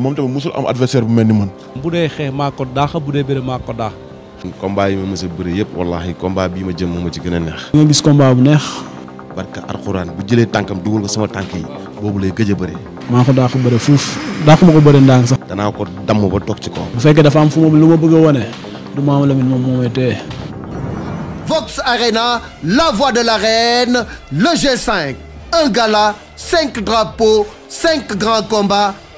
moom tamit musul am adversaire bu mel ni man. bu dee xeex maa ko daax bu dee bëre maa ko daax. combat yi ma mës a bëri yëpp wallaahi combat bii ma jëm moo ma ci gën a neex. nga gis combat bu neex. parce que alxuraan bu jëlee tànkam dugal ko sama tànk yi boobu lay gëj a bëri. maa ko daax bëri fuuf daax ma ko bëri ndànk sax. danaa ko damm ba toog ci kaw. bu fekkee dafa am fu mu lu ma bëgg a wane du ma am la moom moo may la voix de l'arène le g cinq drapeaux cinq grands combats.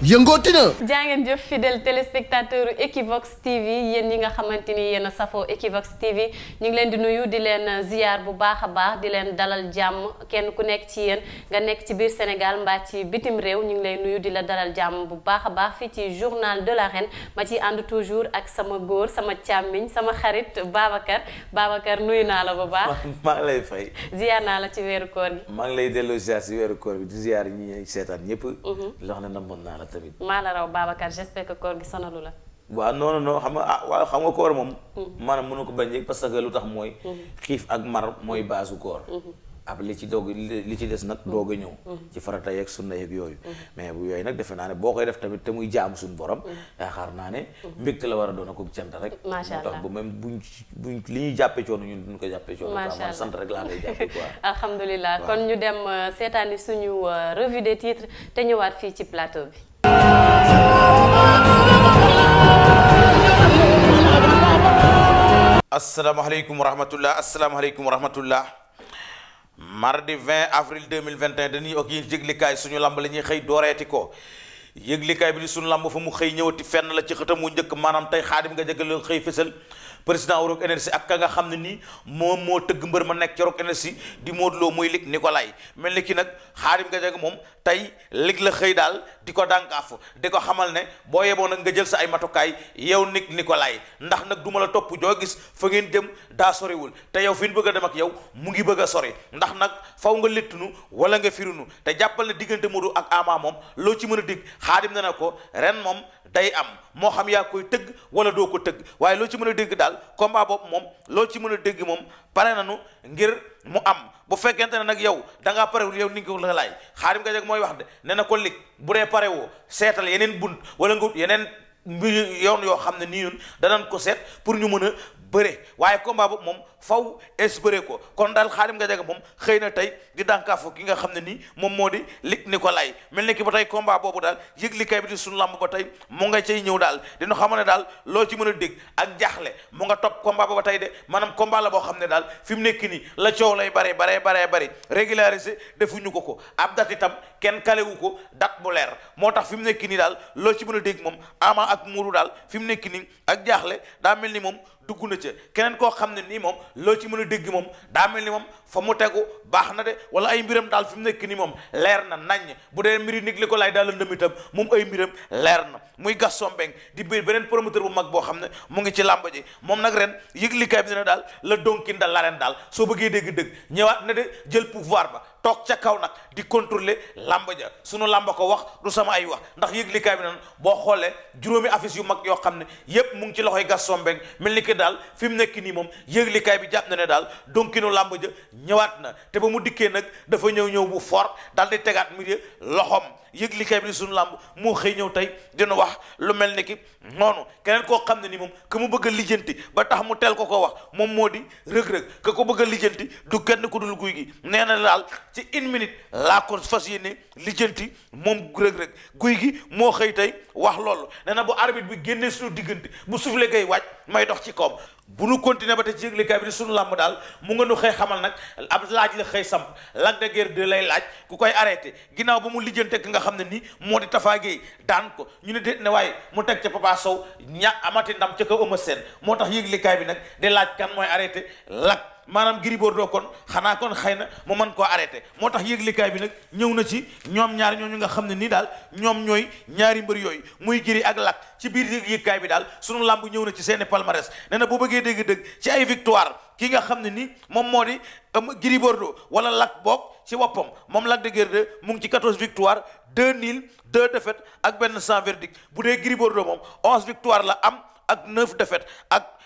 yëngooti na. jaa ngeen jëf fidèle téléspectateur Equivox TV yéen ñi nga xamante ni yéen a safoo Equivox TV ñu ngi leen di nuyu di leen ziar bu baax a baax di leen dalal jàmm kenn ku nekk ci yéen nga nekk ci biir Sénégal mbaa ci bitim réew ñu ngi lay nuyu di la dalal jàmm bu baax a baax fii ci journal de l'arène ma ci ànd toujours ak sama góor sama càmmiñ sama xarit Babacar Babacar nuyu naa la bu baax. maa ngi lay fay. ziar naa la ci weeru koor gi. ngi lay delloo ziar ci weeru koor bi mhm. loo xam ne namoon naa tamit. maa la raw Babacar j'espère que koor gi sonalu la. waaw non non xam nga ah waaw xam nga koor moom. Mm. maanaam mënu ko bañ rek parce que lu tax mooy. Mm-hmm. xiif ak mar mooy baasu koor. Mm-hmm. ab li ci doog li ci des nag doog a ñëw. Mm-hmm. ci farata yeeg sunna yeeg yooyu. mais yooyu nag defe naa ne boo koy def tamit te muy jaamu suñu borom. yaakaar naa ne. mbégte la war a doon ak cant rek. macha allah tax ba même buñ buñ li ñuy jàppee coono ñu duñ ko jàppee coono. macha allah sant rek laa lay jàppee quoi. alhamdulilah kon ñu dem euh, seetaani suñu euh, revue des titres ñëwaat fii ci plateau bi. asalaamaaleykum wa rahmatullah asalaamaaleykum wa rahmatullah mardi 20 avril 2021 dañuy ok yëglikaay suñu lamb la ñuy xëy dooreeti ko yëglikaay bi di suñu lamb fa mu xëy ñëwati fenn la ci xëtam mu njëkk maanaam tey xaadim nga jëgal xëy fësal président Rock Énergie ak ka nga xam ne nii moom moo tëgg mbër ma nekk ci Rock Énergie di Modou Lo muy Luc Nicolaï mel ni ki nag Khadim Gadiaga moom tey Luc la xëy daal di ko dànkaafu di ko xamal ne boo yeboo nag nga jël sa ay matukaay yow Luc Nicolaï ndax nag duma la topp joo gis fa ngeen jëm daa soriwul te yow fi ñu bëgg a dem ak yow mu ngi bëgg a sori ndax nag faw nga léttunu wala nga firunu te jàppal ne diggante Modou ak amaa moom loo ci mën a dig Khadim ne ko ren moom day am moo xam yaa koy tëgg wala doo ko tëgg waaye loo ci mën a dégg daal combat boobu moom loo ci mën a dégg moom pare na nañu ngir mu am bu fekkente ne nag yow da ngaa parewul yow ni nga ko la laaj xaarim nga jeg mooy wax de ne na ko lig bu dee pare woo seetal yeneen bun wala nga yeneen mbir yoon yoo xam ne nii ñun danañ ko seet pour ñu mën a bëre waaye combat boobu moom faw espérer ko kon daal xaadim nga jege moom xëy na tey di dànkaafu ki nga xam ne nii moom moo di lig Nicolay mel ni ki ba tey combat boobu daal yëg li kay bi di suñu lamb tey mu nga cay ñëw daal dina xam ne daal loo ci mën a dégg ak jaaxle mu nga topp combat ba tey de maanaam combat boo xam ne daal fi mu nekk nii la coow lay bare bare bare bare defuñu ko ko ab dat kenn kalewu ko dat bu leer moo tax fi mu nekk nii daal loo ci mën a dégg moom ama ak muuru daal fi mu nekk nii ak jaaxle daa mel ni moom dugg na ca keneen koo xam ne nii moom loo ci mën a dégg moom daa mel ni moom fa mu tegu baax na de wala ay mbiram daal fi mu nekk ni moom leer na naññ bu dee mbiri nig li ko laay daal lëndëm itam moom ay mbiram leer na muy Gaston Mbengue di biir beneen promoteur bu mag boo xam ne mu ngi ci làmb moom nag ren yëglikaay bi ne daal la donkin da la ren daal soo bëggee dégg-dëgg ñëwaat na de jël pouvoir ba toog ca kaw nag di contrôler làmb ja sunu làmb ko wax du sama ay wax ndax yëglikaay bi naan boo xoolee juróomi affiche yu mag yoo xam ne yépp mu ngi ci loxoy Gaston mel ni que daal fi mu nekk nii moom yëglikaay bi jàpp na ne daal donkinu làmb ja ñëwaat na te ba mu dikkee nag dafa ñëw ñëw bu fort daal di tegaat mbir loxoom yëglikaay bi di sunu làmb moo xëy ñëw tey dina wax lu mel ni ki noonu keneen koo xam ne ni moom que mu bëgg lijjanti ba tax mu teel ko ko wax moom moo di rëg-rëg ko bëgg a lijjanti du kenn ku dul guy gi nee na daal ci une minute laa ko fas yéene lijjanti moom rëg rek guy gi moo xëy tey wax loolu nee bu arbitre bi génnee suñu diggante bu soufflé kay wàcc may dox ci kawam bu nu continuer ba tey sunu làmb daal mu nga nu xëy xamal nag ab laaj la xëy samp Lac de Guiers laaj ku koy arrêté ginnaaw ba mu lijjante ki nga xam ne nii moo di Tapha Guèye daan ko ñu ne déet ne waaye mu teg ca Papa Sow ña amati ndam ca kaw Eumeu Sène moo tax yëglekaay bi nag di laaj kan mooy arrêté Lac maanaam Gris Bordeaux kon xanaa kon xëy na mu man koo arrêté moo tax yëglikaay bi nag ñëw na ci ñoom ñaar ñu nga xam ne nii daal ñoom ñooy ñaari mbër yooyu muy Gris ak lakk ci biir yëglikaay bi daal sunu làmb ñëw na ci seeni palmarès nee na bu bëggee dégg-dëgg ci ay victoire ki nga xam ne nii moom moo di um, Gris Bordeaux wala Lac boog ci woppam moom Lac de Guiers 2 mu ngi ci 14 victoire 2 nul 2 défaite ak benn sans verdict bu dee Gris Bordeaux moom 11 la am ak 9 défaite ak.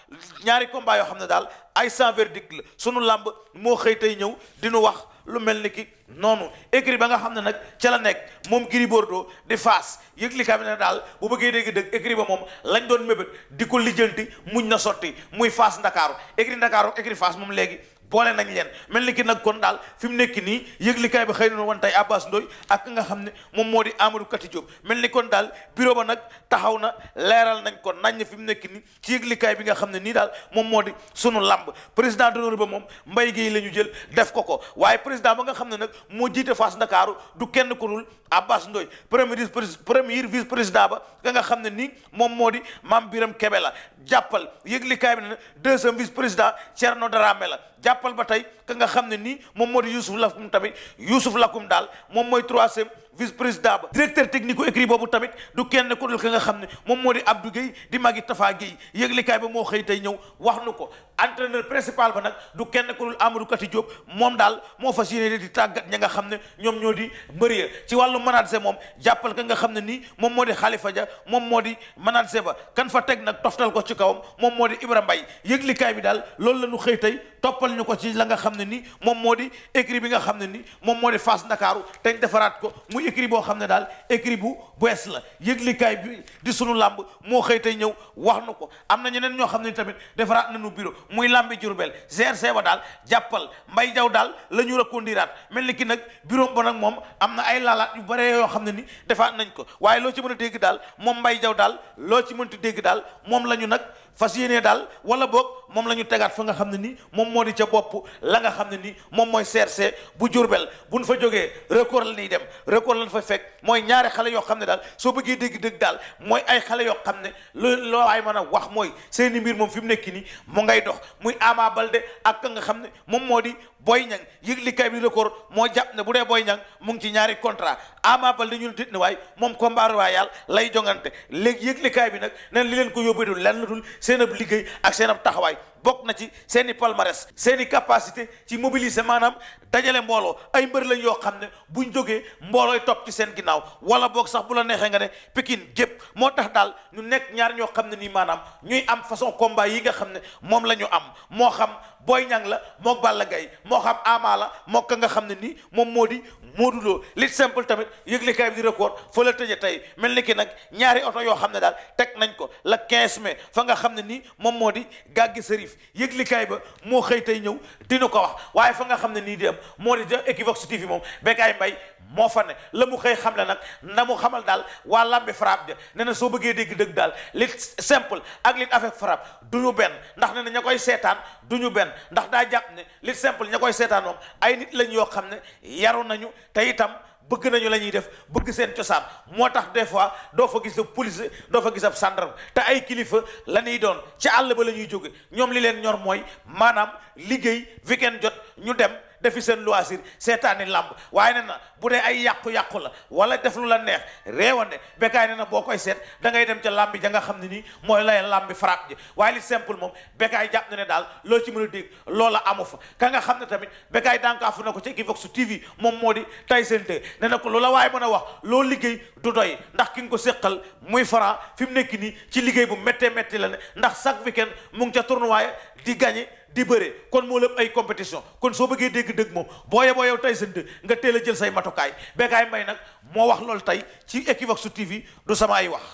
ñaari combat yoo xam ne daal ay sans verdict la sunu làmb moo xëy tey ñëw dinu wax lu mel ni ki noonu écrit ba nga xam ne nag ca la nekk moom Gris Bordeaux di faas yëgli kabi ne daal bu bëggee dégg dëgg écrit ba moom lañ doon mébét di ko lijjanti muñ na sotti muy faas ndakaaru écrit ndakaaru écrit faas moom léegi boole nañ leen mel ni ki nag kon daal fi mu nekk nii yëglikaay bi xëy na woon tey Abbas Ndoy ak nga xam ne moom moo di Amadou Kati Diop ni kon daal bureau ba nag taxaw na leeral nañ ko nañ fi mu nekk nii ci bi nga xam ne nii daal moom moo di sunu làmb président d'honneur ba moom Mbaye Guèye la ñu jël def ko ko waaye président ba nga xam ne nag moo jiite Fass Ndakaaru du kenn ku dul Abbas Ndoy premier premier vice président ba nga xam ne nii moom moo di Mame Biram Kebe la jàppal yëglikaay bi ne deuxième vice président Thierno Dramé la jàppal ba tey ka nga xam ne nii moom moo di Youssouf Lakum tamit Youssouf Lakum daal moom mooy troisième vice président ba directeur technique ku écrit boobu tamit du kenn ku dul ka nga xam ne moom moo di Abdou Guèye di magi Tafa Guèye yëglikaay ba moo xëy tey ñëw wax nu ko entraîneur principal ba nag du kenn ku dul Amadou Kati moom daal moo fas yéene di tàggat ña nga xam ne ñoom ñoo di mbër ya ci wàllu manager moom jàppal ka nga xam ne nii moom moo di xalifa ja moom moo di manager ba kan fa teg nag toftal ko ci kawam moom moo di Ibra Mbaye yëglikaay bi daal loolu la ñu xëy tey toppal ñu ko ci la nga xam ne nii moom moo di écrit bi nga xam ne nii moom moo di Fass Ndakaaru defaraat ko muy écrit boo xam ne daal écrit bu bees la yëglikaay bi di sunu làmb moo xëy tey ñëw wax nu ko am na ñeneen ñoo xam ne tamit defaraat nañu bureau muy làmbi Jurbel GRC ba daal jàppal mbay jaw daal la ñu reconduiraat mel ni ki nag bureau ba nag moom am na ay laalaat yu bare yoo xam ne ni defaat nañ ko waaye loo ci mën a dégg daal moom mbay jaw daal loo ci mënti dégg daal moom lañu ñu nag fas yéenee daal wala boog moom la ñu tegaat fa nga xam ne ni moom moo di ca bopp la nga xam ne ni moom mooy CRC bu Diourbel bu nu fa jógee record la ñuy dem record lañ fa fekk mooy ñaari xale yoo xam ne daal soo bëggee dégg-dégg daal mooy ay xale yoo xam ne loo ay man a wax mooy seeni mbir moom fi mu nekk nii mu ngay dox muy Ama Balde ak nga xam ne moom moo di Boy Niang yëglikaay bi record moo jàpp ne bu dee Boy Niang mu ngi ci ñaari contrat Ama Baldé ñu dit ne waay moom combat royal lay jongante léegi yëglikaay bi nag nen li leen ko yóbbee dul lenn dul seen ab liggéey ak seen ab taxawaay bokk na ci seeni i seeni capacité ci mobiliser maanaam dajale mbooloo ay mbër lañ yoo xam ne bu buñ jógee mboolooy topp ci seen ginnaaw wala boog sax bu la neexee nga ne Pikine gépp moo tax daal ñu nekk ñaar ñoo xam ne nii maanaam ñuy am façon combat yi nga xam ne moom la ñu am moo xam Boy Niang la moo Balla Gaye moo xam Ama la moo nga xam ne nii moom moo di Modou li simple tamit yëglekaay bi di record fa la tëje tey mel ni ki nag ñaari oto yoo xam ne daal teg nañ ko la 15 mai fa nga xam ne nii moom moo di gàggi sërif gis yëglikaay ba moo xëy tey ñëw dina ko wax waaye fa nga xam ne nii di am moo di def Equivox TV moom Bécaye mbay moo fa ne la mu xëy xam le nag na mu xamal daal waa lambi frappe de ne na soo bëggee dégg dëgg daal li simple ak li avec frappe du ñu benn ndax ne na ña koy seetaan du ñu benn ndax daa jàpp ne li simple ña koy seetaan moom ay nit lañ yoo xam ne yaru nañu te itam bëgg nañu la ñuy def bëgg seen cosaan moo tax des fois doo fa gis ab police doo fa gis ab gendarme te ay kilifa la ñuy doon ci àll ba la ñuy jóge ñoom li leen ñor mooy maanaam liggéey weekend jot ñu dem defi seen loisir seetaani làmb waaye nee na bu dee ay yàqu-yàqu la wala def lu la neex réewande bekkaay nee na boo koy seet da ngay dem ca làmb ja nga xam ne nii mooy lay làmb frappe ji waaye li simple moom bekkaay jàpp na ne daal loo ci mën a dégg loola amu fa ka nga xam ne tamit bekkaay dànkaafu na ko ca Equivox TV moom moo di Tyson 2 nee na ko loola waaye mën a wax loo liggéey du doy ndax ki nga ko séqal muy Franc fi mu nekk nii ci liggéey bu méttee métti la ne ndax chaque weekend mu ngi ca tournoi di gagné di bëre kon moo lépp ay compétition kon soo bëggee dégg dëgg moom booye boo yow tey sant nga teel a jël say matukaay Bécaye Mbaye nag moo wax loolu tey ci Equivox TV du sama ay wax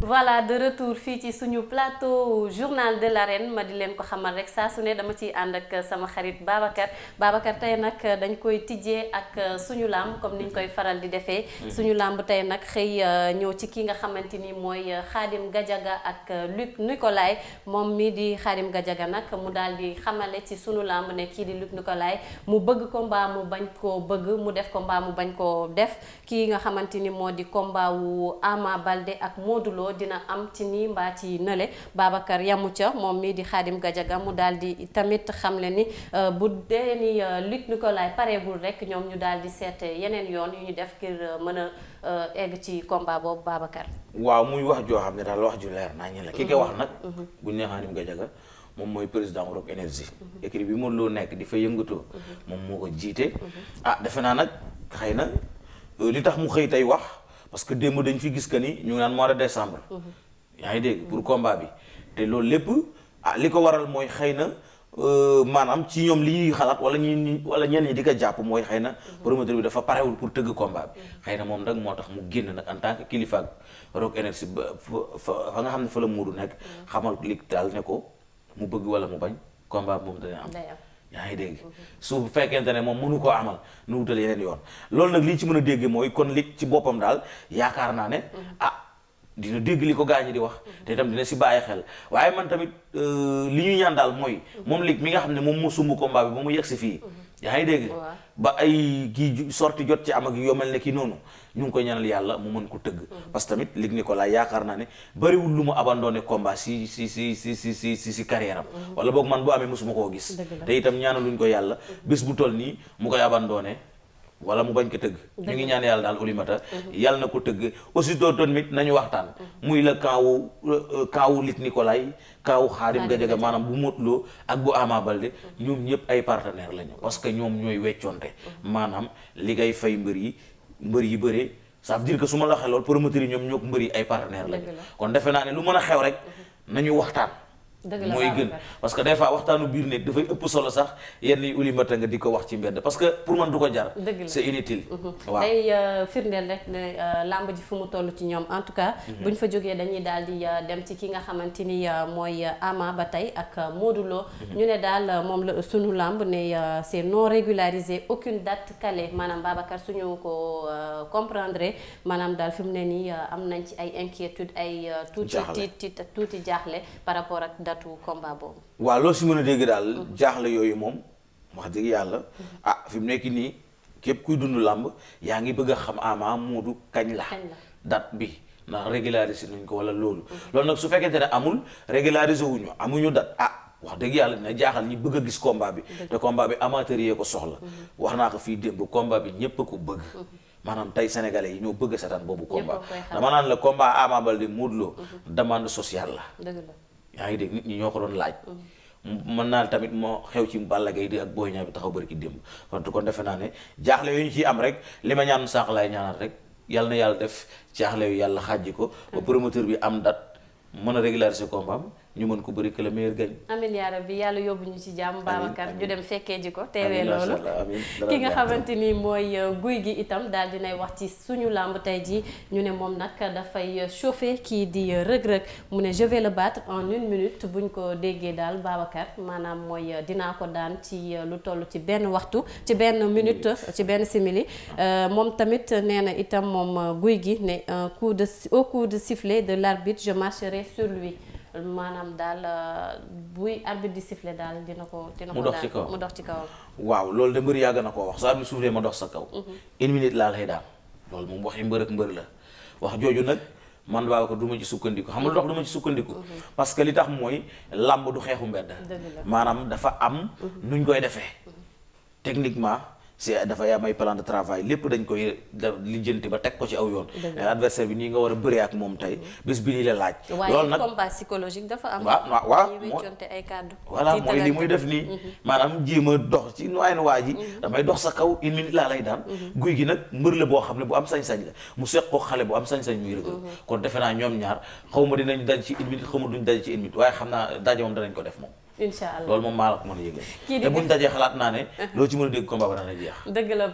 voilà de retour fii ci suñu plateau journal de l'arène ma di leen ko xamal rek saa su ne dama ciy ànd ak sama xarit Babacar Babacar tey nag dañ koy tijjee ak euh, suñu làmb comme niñ koy faral di defee. suñu làmb tey nag xëy euh, ñëw ci ki nga xamante ni mooy xaadim euh, gajaga ak Luc Nicolaï moom mii di Khadim gajaga nag mu daal di xamale ci suñu làmb ne kii di Luc Nicolaï mu bëgg ko mbaa mu bañ koo bëgg mu def ko mbaa mu bañ koo def kii nga xamante ni moo di combat Ama Balde ak Modou xuloo dina am ci nii mbaa ci nële Babacar yamu ca moom mii di Xaadim Gajaga mu daal di tamit xam le ni euh, bu dee ni euh, Luc Nicolaï pareegul rek ñoom ñu daal di seet yeneen yoon yu ñu def ngir euh, mën a egg ci combat boobu Babacar. waaw muy wax joo xam ne daal wax ju leer naa ñu ki ko wax mhm. Mhm. bu ñu nee Xaadim Gajaga moom mooy président Rock mhm. bi Modou Lo nekk di fa yëngatoo. moom moo ko jiite. ah defe naa nag xëy na li tax mu xëy tey wax. parce que démb dañ fi gis que ni ñu ngi naan mois de décembre. Mhm. yaa ngi dégg pour combat bi te loolu lépp ah li ko waral mooy xëy na euh, maanaam ci ñoom li ñuy xalaat wala ñuy wala ñenn ñi di ko jàpp mooy xëy na mhm. promoteur bi dafa parewul pour tëgg combat bi mhm. xëy na moom nag moo tax mu génn nag en tant que kilifa Rock Énergie ba fa nga xam ne fa la muudu nekk xamal li daal ne ko mu bëgg wala mu bañ combat moom dana am. yaa ngi dégg bu fekkente ne moom mënu koo amal nu wutal yeneen yoon loolu nag lii ci mën a dégg mooy kon li ci boppam daal yaakaar naa ne mhm. ah dina dégg li ko gaañi di wax mhm. te itam dina si bàyyi xel waaye man tamit euh, li ñuy ñaan daal mooy mhm. moom lig mi nga xam ne moom moo sumb combat bi ba mu yegg fii mhm. yaa ngi dégg ba ay kii sorti jot ci am ak yoo mel ne ki noonu ñu ngi koy ñaanal yàlla mu mën ko tëgg parce que tamit ko Nicolaï yaakaar naa ne bariwul lu mu abandonné combat si si si si si si si si carrière am wala boog man bu amee mosuma koo gis te itam ñaanaluñ ko yàlla bés bu toll nii mu koy abandonné wala mu bañ ko tëgg ñu ngi ñaan yàlla daal Oulimata mm-hmm. yàlla na ko tëgg aussitôt tamit nañu waxtaan mm-hmm. muy la kaawu euh, kaawu lit Nicolay kaawu xaarim ga jega maanaam bu Modou Lo ak bu Ama Baldé mm-hmm. ñoom ñëpp ay partenaire lañu parce que ñoom ñooy weccoonte maanaam li kay fay mbër yi mbër yi bëree ça veut dire su ma la xelool lool promoteurs ñoom ñoo ko mbër yi ay partenaire lañu kon defe naa ne lu mën a xew rek nañu waxtaan mooy gën parce que des fois waxtaanu biir nekk dafay ëpp solo sax yenn yi ulimata nga di ko wax ci mbedd parce que pour man du ko jar c'est inutile mhm. day euh, firndeel rek euh, làmb ji fu mu toll ci ñoom en tout cas mhm. bu ñu fa jógee dañuy daal di euh, dem ci ki nga xamante ni mooy Ama ba tey ak Modou mhm. ñu ne daal moom la sunu làmb ne c'est non régularisé aucune date calée maanaam Babacar suñu ko comprendre maanaam daal fi mu ne nii am nañ ci ay inquiétude ay tuuti tiit jaaxle yaatu combat boobu. waaw loo si mën a dégg daal. jaaxle yooyu moom wax dëgg yàlla. ah fi mu nekk nii képp kuy dund làmb yaa ngi bëgg a xam Ama Modou kañ la. dat bi ndax régulariser nañ ko wala loolu. loolu nag su fekkente ne amul régulariser wuñu amuñu date ah. wax dëgg yàlla dina jaaxal ni bëgg a gis combat bi te combat bi amateur yee ko soxla wax naa ko fii démb combat bi ñépp a ko bëgg maanaam tey sénégalais yi ñoo bëgg a boobu combat dama naan la combat Ama Baldé Modou Lo demande sociale la yaa ngi dégg nit ñi ñoo ko doon laaj. Mm. mën naa tamit moo xew ci Balla Gaye di ak Boy Niang bi taxaw bari ki démb wante kon defe naa ne jaaxle yu ñu ci am rek li ma ñaan sànq laay ñaanal rek yal na yàlla def jaaxle yu yàlla xàjji ko. ba mm. promoteur bi am dat mën a régulariser combat ñu mën ko bëri que le meilleur gagne. amiin yàlla yóbbu ñu ci jàmm. Babacar ñu dem fekkee ji ko. teewee loolu ki nga xamante ni mooy euh, guy gi itam daal dinay wax ci suñu làmb tey jii ñu ne moom nag dafay euh, chauffer kii di euh, rëg-rëg mu ne je vais le battre en une minute buñ ko déggee daal Babacar maanaam mooy dinaa ko daan ci lu toll ci benn waxtu ci benn minute ci benn simili moom tamit nee na itam moom guy gi ne un coup de au coup de sifflet de l'arbitre je marcherai sur lui. maanaam daal euh, buy arbitre di siffler daal dina ko dina ko daal mu dox ci kaw waaw loolu de mbër yàgg na koo wax sa arbitre soufflé ma dox sa kaw mhm. une minute laa lay daal loolu moom waxi mbër ak mbër la wax jooju nag man baa ko du ma ci sukkandiku xam nga dox du ma ci sukkandiku mhm. parce que li tax mooy làmb du xeexu mbedd maanaam dafa am mhm. nuñ koy defee techniquement si dafa am ay plan de travail lépp dañ koy lijjanti ba teg ko ci aw yoon. Eh, adversaire bi nii nga war a bëree ak moom tey mm-hmm. bis bi nii la laaj. loolu nag combat psychologique dafa am. waaw waaw ay kàddu. voilà mooy li muy def nii. Mm-hmm. maanaam jéem a dox ci nu ay waa ji. Mm-hmm. damay dox sa kaw une minute laa lay daan. guy gi nag mbër la boo xam ne bu am sañ-sañ la mu seq ko xale bu am sañ-sañ muy rëgg. kon defe naa ñoom ñaar xaw ma dinañ daj ci une minute xaw ma duñ daj ci une minute waaye xam naa daje moom ko def moom. incha allah loolu moom maa la ko mën a yëgal. kii uh-huh. a ba dana jeex. dëgg la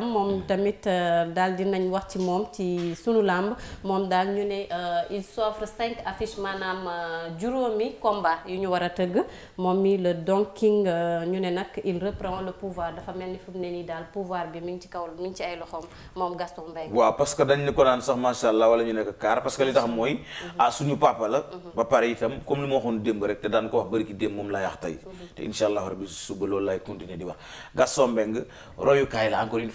moom mm-hmm. tamit uh, daal di nañ wax ci moom ci sunu làmb moom daal ñu ne uh, il s'offre cinq affiches maanaam uh, juróomi combat yu ñu war a tëgg moom mi le Don King ñu ne nag il reprend le pouvoir dafa mel ni ne nii daal pouvoir bi mi ngi ci kaw mi ngi ci ay loxoom moom Gaston Mbengue. waaw parce que dañ ne ko naan sax macha allah wala ñu nekk kaar parce que li tax mooy. Mm-hmm. Ah, suñu papa la. Mm-hmm. ba pare itam comme li ma waxoon démb rek te daan ko wax bëri ki démb moom laay wax tey te incha allah rabbi suba loolu laay continuer di wax Gaston Mbengue royukaay la encore une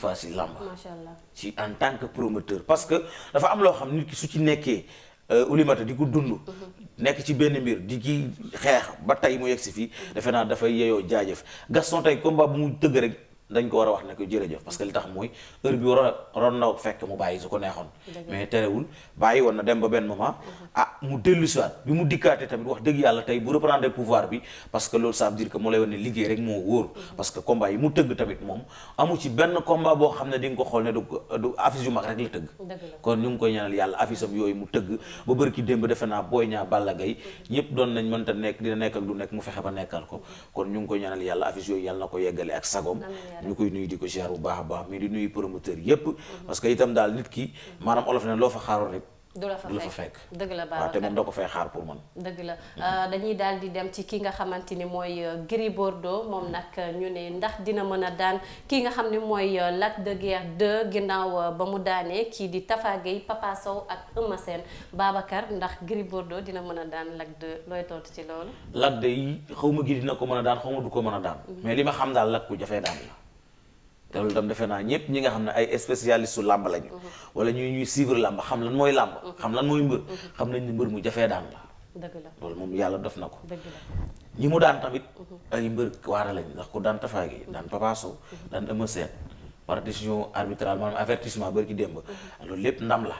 tant que promoteur parce que dafa am loo xam nit su ci nekkee euh, ulimata di ko dund mm-hmm. nekk ci benn mbir di ki xeex ba tey mu yegg si fii mm-hmm. defe naa dafay yeyoo jaajëf Gaston tey combat bu mu tëgg rek dañ ko war a wax ne ko jërëjëf parce que li tax mooy heure bi waroon na fekk mu bàyyi su ko neexoon mais terewul bàyyi woon na dem ba benn moment ah mu dellu bi mu dikkaatee tamit wax dëgg yàlla tey bu reprendre pouvoir bi parce que loolu sa veut dire que mu lay wane ne liggéey rek moo wóor parce que combat yi mu tëgg tamit moom amu ci benn combat boo xam ne di ko xool ne du du yu mag rek la tëgg kon ñu ngi koy ñaanal yàlla affiche yooyu mu tëgg ba bër ki naa Boy Niang Balla Gaye ñëpp nañ mënta nekk dina nekk ak du nekk mu fexe ba nekkal ko kon koy ñaanal yàlla affiche yooyu yàlla na ko yeggale ak sagom ñu koy nuyu di ko ziar bu baax a baax mais di nuyu promoteur yépp parce que itam daal nit ki maanaam olof ne loo fa xaaroon rek du la fa fekk dëgg la baax te ko fay xaar pour man dëgg la mm-hmm. euh, dañuy daal di dem ci ki nga xamante ni mooy euh, Gris Bordeaux moom mm-hmm. nag euh, ñu ne ndax dina mën a daan kii nga xam ne mooy Lac de Guiers ginnaaw ba mu daanee kii di Tafa Gueye Papa Sow ak Eumeu seen Babacar ndax Gris Bordeaux dina mën a daan Lac de looy tontu ci loolu Lac de yi xaw ma gi dina ko mën a daan xaw ma du ko mën a mm-hmm. mais li ma xam daal Lac ku jafee daan te loolu itam defe naa ñëpp ñi nga xam ne ay spécialiste su làmb lañu. wala ñuy ñuy suivre làmb xam lan mooy làmb. xam lan mooy mbër. xam nañ ne mbër mu jafee daan la. dëgg la loolu moom yàlla def na ko. ñi mu daan tamit. Mhm. ay mbër waara lañ ndax ku daan Tapha Gueye daan Papa Sow mhm. daan Eumeu Sène par décision arbitrale maanaam avertissement bari ci mhm. loolu lépp ndam la.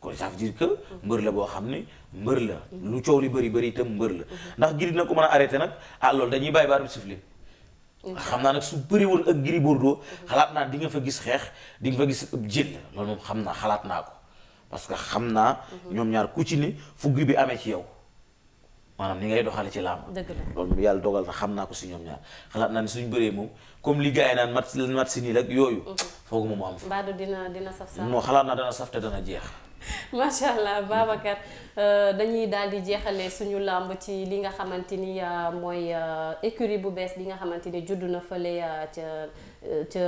kon ça veut dire mbër la boo xam ne mbër la. lu coow li bëri bëri itam mbër la. ndax giri na ko mën a arrêté nag ah loolu dañuy bàyyi ba arbitre xam naa nag su bëriwoon ak Gris Bordeaux xalaat naa di nga fa gis xeex dinga nga fa gis ëpp jël loolu moom xam naa xalaat naa ko parce que xam naa ñoom ñaar ku ci ni fugg bi amee ci yow maanaam ni ngay doxale ci làmb loolu yàlla dogal na xam naa ko si ñoom ñaar xalaat naa ni suñ bëree moom comme li gars yi naan mat mat si nii rek yooyu mm-hmm. foogu moom am fa moo xalaat naa dana saf te dana jeex macha allah Babacar euh, dañuy daal di jeexale suñu làmb ci li nga xamante ni euh, mooy euh, écurie bu bees bi nga xamante ni juddu na fële ca. ca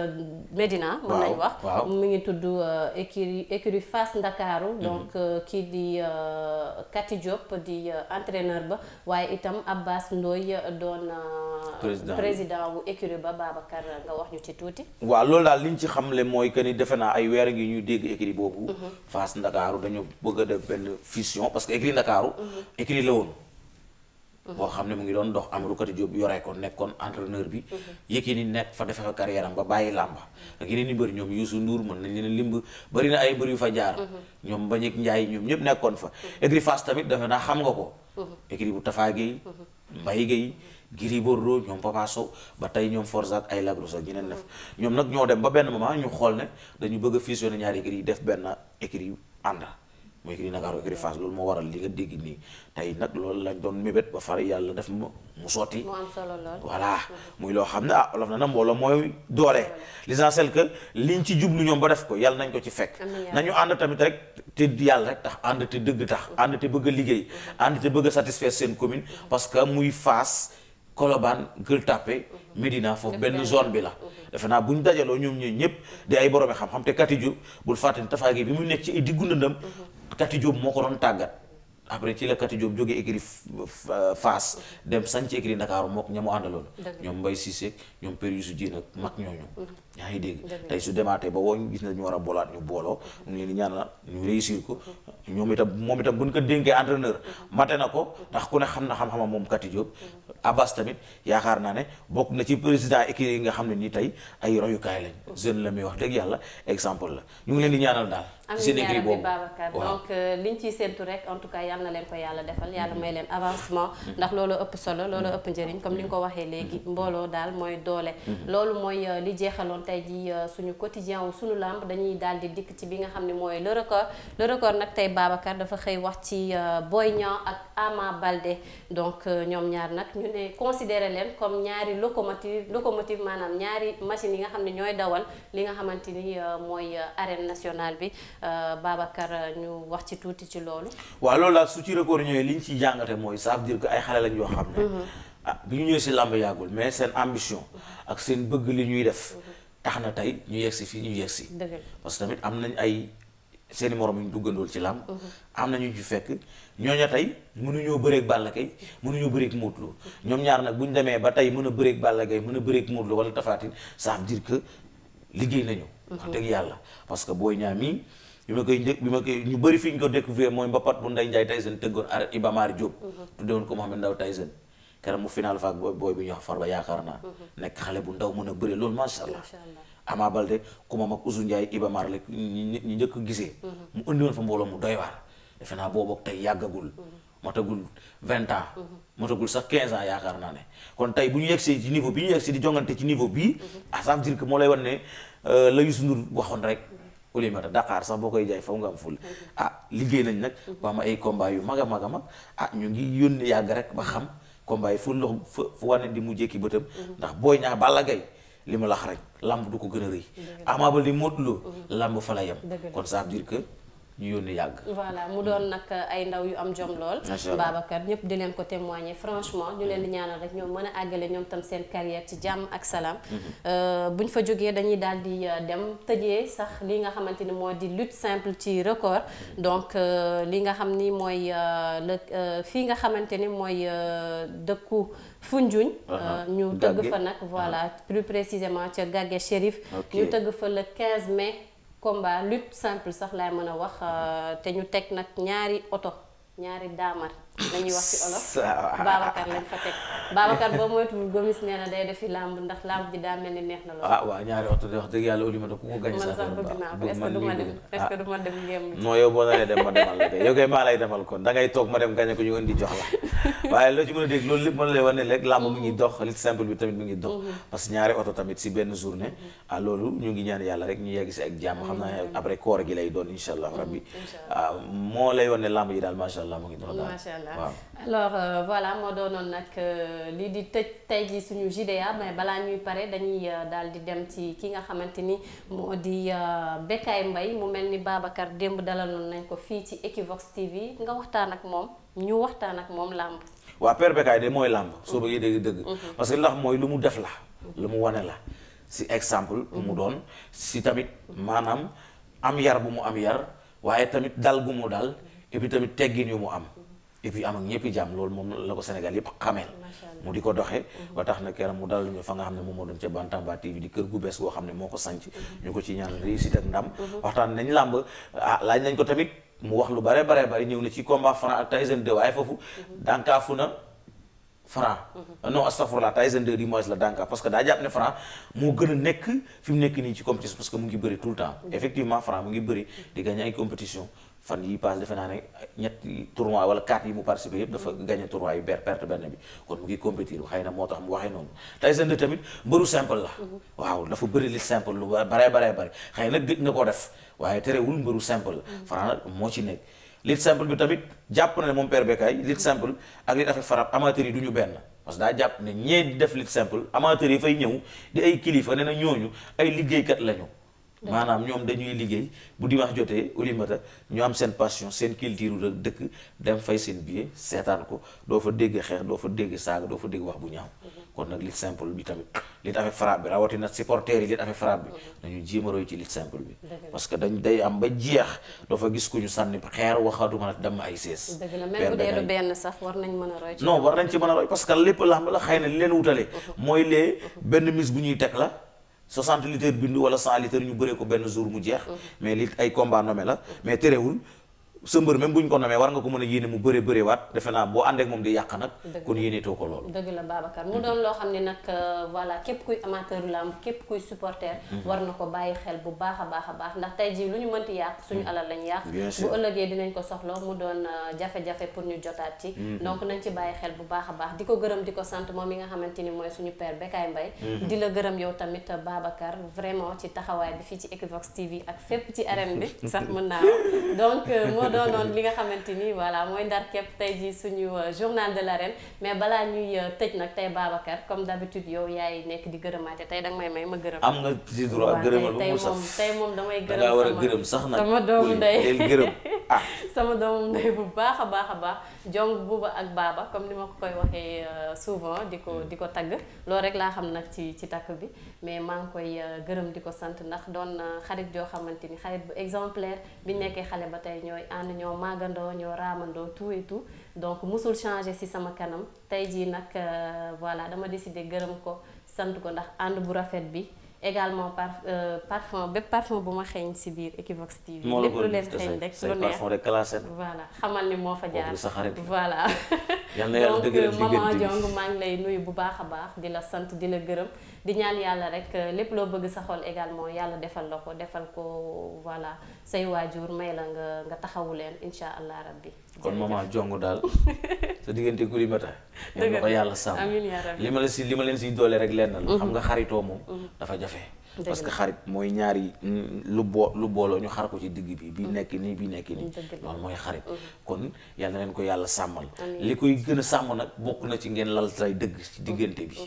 Medina. mën nañ wax mi ngi tudd euh, écurie écurie Fass Ndakaaru. Mhm. donc euh, kii di euh, Kati Diop di entraîneur ba waaye itam Abbas Ndoye doon. président wu écurie ba Babacar nga wax ñu ci tuuti. waa loolu daal li ñu ci xamle mooy que ni defe naa ay weer a ngi ñu dégg écurie boobu. Mhm. Fass Ndakaaru dañu bëgg a def benn fusion parce que écurie Ndakaaru. Mhm. écurie la woon. boo xam ne mu ngi doon dox am Amadou Kati Diop yoree ko nekkoon entraîneur bi Yékini nekk fa defe fa carrière ba bàyyi làmba ak i mbër ñoom Youssou Ndour mën nañ leen limb bëri na ay mbër yu fa jaar ñoom Mbagnick Ndiaye ñoom ñëpp nekkoon fa écurie Fass tamit dafe naa xam nga ko écurie bu Tafa Gueye Mbaye Gueye Gris Bordeaux ñoom Papa Sow ba tey ñoom Forza ak ay lagros ak ñeneen def ñoom nag ñoo dem ba benn moment ñu xool ne dañu bëgg a fusionner ñaari écurie yi def benn écurie yu ànd muy écurie Ndakaaru écurie Fass loolu moo waral li nga dégg nii tey nag loolu lañ doon mébét ba far yàlla def mu mu sotti. mu muy loo xam ne ah olof na na mbooloo mooy doole. l'essentiel que liñ ci jublu ñoom ba def ko yàlla nañ ko ci fekk. nañu ànd tamit rek te yàlla rek tax ànd te dëgg tax ànd te bëgg a liggéey. ànd te bëgg a satisfaire seen commune parce que muy Fass. Colobane Gueule Tapée Médina foofu benn zone bi la defe naa bu ñu dajaloo ñoom ñooy ñëpp Kati Diop moo ko doon tàggat après ci la Kati Diop jógee écurie euh, Fass dem sañ ci écurie Ndakaaru mook ña mu àndaloon ñoom Mbaye Cissé ñoom Père Youssou Dieng ak mag ñooñu mm-hmm. yaa ngi dégg tey su demaatee ba woo ñu na ñu war a boolaat ñu booloo na ko na xam-xamam moom Kati yi nga xam ne nii tey ay royukaay lañ mm-hmm. jeune la muy wax dëgg yàlla exemple la ñu ngi leen di ñaanal daal seen équipe boobu Babacar donc euh, liñ ciy séntu rek en tout cas yàlla na leen ko yàlla defal yàlla mm-hmm. may leen avancement mm-hmm. ndax loolu ëpp solo loolu ëpp njëriñ comme ni nga ko waxee léegi mbooloo daal mooy doole loolu mooy euh, li jeexaloon tey ji euh, suñu quotidien wu suñu lamb dañuy daal di dikk ci bi nga xam ne mooy le record le record nag tey Babacar dafa xëy wax ci euh, Boy Niang ak Ama Baldé donc euh, ñoom ñaar nag ñu ne considéré leen comme ñaari locomotive locomotive maanaam ñaari machines yi nga xam ne ñooy dawal li nga xamante ni mooy arène nationale bi Babacar ñu wax ci tuuti ci loolu. waaw loolu daal su ci record ñëwee li ñu ciy jàngate mooy ça veut dire ay xale lañ yoo xam ne. Mhm. ah bi ñu ñëwee si làmb yàggul seen ambition ak seen ñuy def. Mhm. tax na tey ñu yegsi fii ñu yegsi parce que tamit am nañ ay seeni morom yi ñu duggandool ci làmb mhm. am na ñu ci fekk ñooña tey mënuñoo bëreeg Balla Gaye mënuñoo bëreeg Modou Lo ñoom ñaar nag bu ñu demee ba tey mën a bëreeg Balla Gaye mën a bëreeg Modou Lo wala Tapha Tine ça veut liggéey nañu wax mhm. dëgg yàlla parce que Boy Niang mii bi ma koy njëkk bi ma koy ñu bëri fi ñu ko découvrir mooy mbapat bu Ndeye Ndiaye Tyson tëggoon ar Iba Mar Diop mhm. tuddewoon ko Mohamed Ndao Tyson keroog mu final faak booy booy bi ñu wax Farba yaakaar naa. Mm-hmm. nekk xale bu ndaw mën a bëre loolu macha allah. Ama Balde ku ma mag Ousou Ndiaye Iba Mar la ñu ñu njëkk gisee. Mm-hmm. mu indi woon fa mbooloo mu doy waar. defe naa boobu ak yàggagul. Mm-hmm. motagul vingt ans. motagul sax quinze ans yaakaar naa ne kon tey bu ñu yegsee ci niveau bi ñu yegsee di jongante ci niveau bii. ah ça veut moo lay wan ne euh, la Youssou Ndour waxoon rek. Oulimata Dakar sax boo koy jaay faw nga am ful ah liggéey nañ nag. ba am ay combat yu mag a mag a mag ah combat yi fu lox fa fu wane di mu jékki bëtam mhm. ndax Boy Niang Balla Gaye li ma lax rek lamb du ko gën a rëy Ama Baldé Modou Lô mhm. lamb fa la yem kon ça veut dire ñu yónni yàgg. voilà mu doon nag ay ndaw yu am jom lool. Babacar ñëpp di leen ko témoigner franchement ñu leen di ñaanal rek ñoom mën a àggale ñoom tam seen carrière ci jàmm ak salaam. Mhm. Euh, bu ñu fa jógee dañuy daal di euh, dem tëjee sax li nga xamante ni moo di lutte simple ci record mhm. donc euh, li nga xam ni mooy le fii nga xamante ni mooy dëkku. Foundiougne ñu tëgg fa nag voilà plus précisément ca Gagge Chérif ñu tëgg fa le 15 combat lutte simple sax laay mën a wax euh, te ñu teg nag ñaari oto ñaari daamar la ñuy wax ci olof Babacar lañ fa teg Babacar boo moytuwul gomis nee na day defi làmb ndax làmb ji daa ah, dëgg yàlla Olimata ku ko gañ sax bëgg naa ko est-ce que du ma dem est ah. ma de yow kay maa lay demal kon da ngay ma la waaye loo ci mën a dégg loolu lépp mën na lay wane rek mm-hmm. mm-hmm. oto tamit si benn journée mm-hmm. ah loolu ñu ngi ñaan yàlla rek ñu yegg si ak jàmm xam naa après koor gi lay doon insha allah rabbi ah, moo lay wane làmb ji daal masha allah mu ngi dox daal la alors euh, voilà moo doonoon nag euh, lii di tëj tey ji suñu JDA mais balaa ñuy pare dañuy euh, daal di dem ci ki nga xamante ni moo di euh, Bécaye mbay mu mel ni Babacar démb dalaloon nañ ko fii ci Equivox TV nga waxtaan ak moom ñu waxtaan ak moom làmb waa Père Bécaye de mooy làmb soo bëggee dëgg dëgg mhm. parce que ndax mooy lu mu def la lu mu wane la si exemple mhm. mu doon si tamit maanaam am yar bu mu am yar waaye tamit dal gu mu dal et puis yu mu am et puis am ak ñëpp jàmm loolu moom la ko Sénégal yëpp xameel mu di ko doxee ba tax na keroog mu dal ñu fa nga xam ne moom moo doon ca Bantamba TV di kër gu bees goo xam ne moo ko sanc mhm. ñu ko ci ñaan réussite ak ndam mhm. waxtaan nañ làmb ah laaj nañ ko tamit mu wax lu bare bare bare ñëw na ci combat Franc ak Tyson mhm. na di moins la dànkaa parce que daa jàpp ne Franc moo gën a nekk fi mu nekk nii ci compétition parce que mu ngi bëri tout le temps effectivement fan yi passe defe naa ne ñetti tournoi wala quatre yi mu participé yëpp dafa gagné tournoi yu ber perte benn bi kon mu ngi compétir xëy na moo tax mu waxee noonu Tyson 2 tamit mbëru simple la mhm. waaw dafa bëri li simple lu baree baree bëri xëy na gëj nga koo def waaye terewul mbëru simple la mhm. Franc moo ci nekk lit simple bi tamit jàpp na ne moom père Bécaye lit simple ak lit affaire farab amateurs yi du ñu benn parce que daa jàpp ne ñee def lit simple amateurs yi fay ñëw di ay kilifa ne na ñooñu ay liggéeykat la ñu maanaam ñoom dañuy liggéey bu dimanche jotee Oulimata ñu am seen passion seen culture dëkk dem fay seen billet seetaan ko doo fa dégg xeex doo fa dégg saaga doo fa dégg wax bu ñaaw mhm. kon nag lutte simple bi tamit lutte avec frappe bi rawatina supporters yi lutte avec mhm. a am ba jeex doo fa gis ku ñu sànni xeer waxatuma nag dem ay sax war war nañ ci mën a roy parce que lépp làmb la xëy na li leen wutale mhm. mooy lee benn mise bu ñuy teg la 60 litres bindu wala 100 litres ñu bëree ko benn jour mu jeex. Mm-hmm. mais li ay combat nommé la mm-hmm. mais terewul sa mbër même bu ñu ko namee war nga ko mën a yéene mu bëre bëre waat defe naa boo àndeek moom di yàq nag kon yéeneetoo ko loolu dëgg la Babacar mu doon loo xam ne nag euh, voilà képp kuy amateur lamb képp kuy supporter mhm. war na ko bàyyi xel bu baax a baax a baax ndax tey jii lu ñu mënti yàq suñu mhm. alal lañ yàq bu ëllëgee dinañ ko soxla mu doon euh, jafe-jafe pour ñu jotaat ci mhm. donc nañ ci bàyyi xel bu baax a baax di ko gërëm di ko sant moom yi nga xamante ni mooy suñu père Bekaay Mbaye di la gërëm yow tamit Babacar vraiment ci taxawaay bi fii ci Equivox TV ak fépp ci arène bi sax mën naa li nga xamante ni voilà mooy ndar képp tey jii suñu euh, journal de l'arène mais balaa ñuy euh, tëj nag tey Babacar comme d'habitude yow yaay nekk di gërëmaate tey danga may may ma gërëm. am nga ci droit gërëmal moom damay gërëm sama a gërëm sax nag sama doomu ndey ah. sama doomu bu baax a baax a baax jong buuba ak baaba comme ni ma ko koy waxee euh, souvent di ko di ko tagg loolu rek laa xam nag ci ci takk bi mais maa ngi koy gërëm di ko sant ndax doon xarit joo xamante ni xarit bu exemplaire bi nekkee xale ba tey ñooy ànd ñoo màggandoo ñoo raamandoo tout et tout donc mosul changé si sama kanam tey jii nag euh, voilà dama décidé gërëm ko sant ko ndax ànd bu rafet bi également par euh, parfum bépp parfum bu ma xeeñ si biir Equivox TV. lépp lu leen xeeñ rek lu neex voilà xamal ni moo fa jaar voilà. donc maman Diong maa ngi lay nuyu bu baax a baax di la sant di la gërëm di ñaan yàlla rek euh, lépp loo bëgg sa xol également yàlla defal la ko defal ko voilà say waajur may la nga nga taxawu leen incha allah rabbi kon maman jong daal sa diggante ku li mata yal na ko yàlla sàmm li ma la si li ma leen siy doole rek lenn la mhm. xam nga xaritoo moom mhm. dafa jafe parce que xarit mooy ñaari mm, lu boo lu booloo ñu xar ko ci digg bi bi mhm. nekk nii bi nekk nii loolu mooy xarit kon yàlla leen ko yàlla sàmmal li koy gën a sàmm nag bokk na ci ngeen lal say dëgg ci diggante bi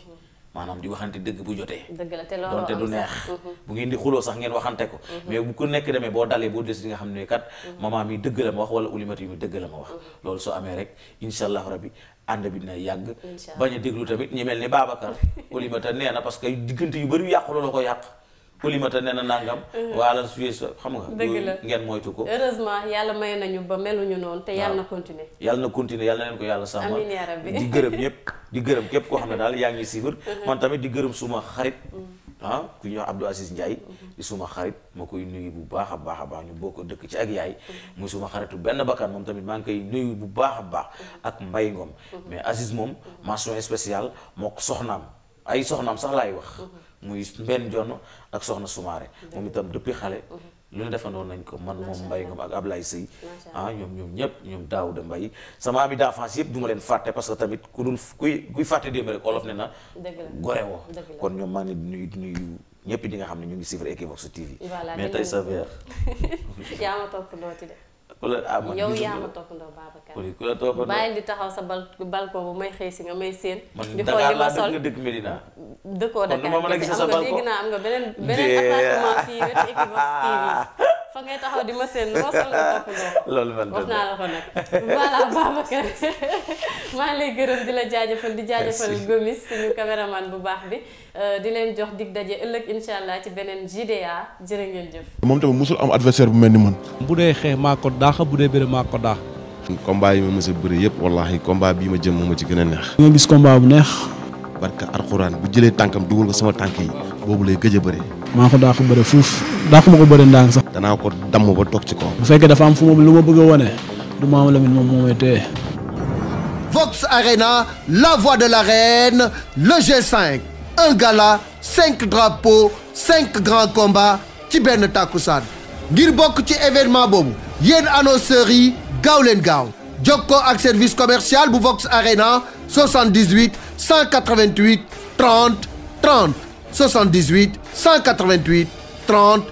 maanaam di waxante dëgg bu jotee. dëgg la te loolu du neex. Mhm. bu ngeen di xuloo sax ngeen waxante ko. Mhm. mais bu ko nekk demee boo dalee boo des di nga xam ne kat. Mhm. maman mi dëgg la ma wax wala ulimati mi dëgg la ma wax. loolu soo amee rek incha allah rabi ànd bi dina yàgg. bañ a déglu tamit ñi mel ni Babacar. ulimata nee na parce que diggante yu bëri yàqu loolu ko yàq. Oulimata nee na nangam. Mm-hmm. wala suy sa xam nga. dëgg la ngeen moytu ko. heureusement yalla may nañu ba meluñu noonu. te yàlla na continuer yàlla na continuer yàlla na leen ko yàlla sàmmal. amiin yaa rabbi di gërëm ñëpp di gërëm képp koo xam ne daal yaa ngi sifir. Mm-hmm. man tamit di gërëm suma xarit. Mm-hmm. ah ku ñëw Abdou Aziz Ndiaye di suma xarit ma koy nuyu bu baax a baax a baax ñu boo bokk dëkk ci ak yaay muy suma xaritu benn bakkan moom tamit maa ngi koy nuyu bu baax a baax ak Mbaye Ngom mais Aziz moom mention spéciale moo soxnaam ay soxnaam sax laay wax muy mbenn jonn ak soxna Soumaré moom itam depuis xale mhm. lu ne defandoon nañ ko man moom Mbaye Ngom ak Ablaye Seye ah ñoom ñoom ñëpp ñoom Daouda Mbaye sama ami d'enfance yëpp du ma leen fàtte parce que tamit ku dul kuy kuy fàtte démb rek olof ne na gore kon ñoom maa ngi nuyu nuyu ñëpp ñi nga xam ne ñu ngi suivre Equivox TV mais sa verre wala ah man yow yaa ma toppandoo Babacar. ku la toppandoo bàyyi di taxaw sa bal bu may xëy si nga may séen. di xool li ma sol man Dakar laa dëkk nga dëkk Medina. dëkkoo Dakar am nga dégg naa am nga beneen beneen appartement fii wetu Equivox TV fa ngay taxaw di ma seen moo sol nga ko nag maa lay gërëm di la jaajëfal di jaajëfal Gomis suñu caméraman bu baax bi euh, di leen jox dig daje ëllëg incha allah ci beneen JDA jërë ngeen jëf. moom tamit musul am adversaire bu mel ni man. bu dee xee maa ko daax bu dee bëre maa ko daax. combat yi ma mës a bëre yëpp wallaahi combat bii ma jëm moo ma ci gën a neex. nga gis combat bu neex. barka alxuraan bu jëlee tànkam dugal ko sama tànk yi boobu lay gëj a maa ko daa ko bëre fuuf daa ko ma ko bëre ndànk sax. danaa ko damm ba toog ci kaw. bu fekkee dafa am fu mu lu ma bëgg a wane du ma am Lamine moom moo may téye. Vox la voix de l'arène le G5 un gala cinq ci benn takkusaan ngir bokk ci événement boobu yéen annonceurs yi gaaw leen gaaw ko ak service commercial bu Vox Arena 78 188 30 30. 78 188 30